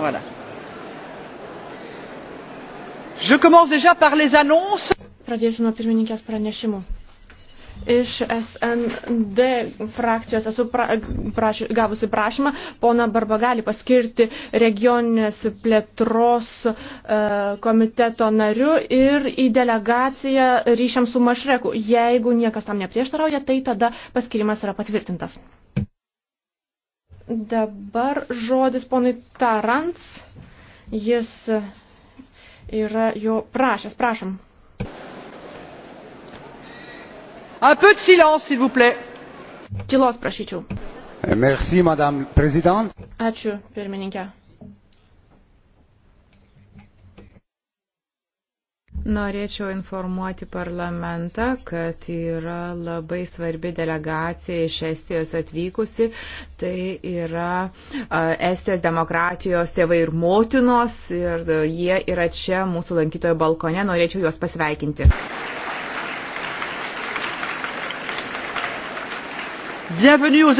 Voilà. Je commence déjà par les annonces. Pradėsiu nuo pirmininkės pranešimų. Iš SND frakcijos esu pra, praš, gavusi prašymą pona Barbagali paskirti regioninės plėtros e, komiteto nariu ir į delegaciją ryšiam su Mašreku. Jeigu niekas tam neprieštarauja, tai tada paskirimas yra patvirtintas. Dabar žodis ponui Tarants. Jis yra jo prašęs. Prašom. Un peu de silence, s'il vous plaît. Tylos prašyčiau. Merci, madame présidente. Ačiū, pirmininkė. Norėčiau informuoti parlamentą, kad yra labai svarbi delegacija iš Estijos atvykusi. Tai yra Estijos demokratijos tėvai ir motinos ir jie yra čia mūsų lankytojo balkone. Norėčiau juos pasveikinti. Bienvenue aux